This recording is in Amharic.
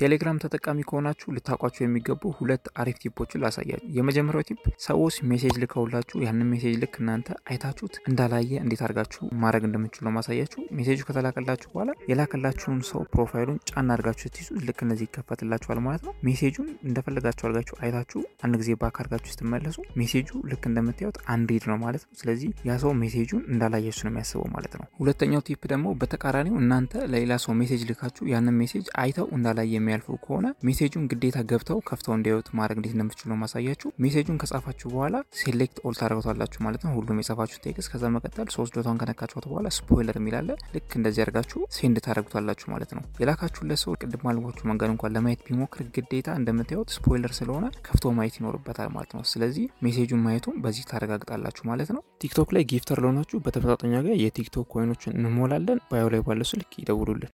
ቴሌግራም ተጠቃሚ ከሆናችሁ ልታውቋቸው የሚገቡ ሁለት አሪፍ ቲፖችን ላሳያችሁ። የመጀመሪያው ቲፕ ሰዎች ሜሴጅ ልከውላችሁ ያንን ሜሴጅ ልክ እናንተ አይታችሁት እንዳላየ እንዴት አድርጋችሁ ማድረግ እንደምችሉ ለማሳያችሁ። ሜሴጁ ከተላከላችሁ በኋላ የላከላችሁን ሰው ፕሮፋይሉን ጫና አድርጋችሁ ስትይዙ ልክ እነዚህ ይከፈትላችኋል ማለት ነው። ሜሴጁን እንደፈለጋችሁ አድርጋችሁ አይታችሁ አንድ ጊዜ ባክ አድርጋችሁ ስትመለሱ ሜሴጁ ልክ እንደምታዩት አንሪድ ነው ማለት ነው። ስለዚህ ያ ሰው ሜሴጁን እንዳላያችሁ ነው የሚያስበው ማለት ነው። ሁለተኛው ቲፕ ደግሞ በተቃራኒው እናንተ ለሌላ ሰው ሜሴጅ ልካችሁ ያንን ሜሴጅ አይተው እንዳላየ የሚያልፉ ከሆነ ሜሴጁን ግዴታ ገብተው ከፍተው እንዲያዩት ማድረግ እንዴት እንደምትችሉ ማሳያችሁ። ሜሴጁን ከጻፋችሁ በኋላ ሴሌክት ኦል ታደረጉታላችሁ ማለት ነው፣ ሁሉም የጻፋችሁ ቴክስት። ከዛ መቀጠል ሶስት ዶቷን ከነካችኋት በኋላ ስፖይለር የሚላለ ልክ እንደዚህ አድርጋችሁ ሴንድ ታደርጉታላችሁ ማለት ነው። የላካችሁለት ሰው ቅድም አልኳችሁ መንገድ እንኳን ለማየት ቢሞክር ግዴታ እንደምታዩት ስፖይለር ስለሆነ ከፍቶ ማየት ይኖርበታል ማለት ነው። ስለዚህ ሜሴጁን ማየቱን በዚህ ታረጋግጣላችሁ ማለት ነው። ቲክቶክ ላይ ጊፍተር ለሆናችሁ በተመጣጣኛ ጋር የቲክቶክ ኮይኖችን እንሞላለን። ባዮ ላይ ባለው ስልክ ይደውሉልን።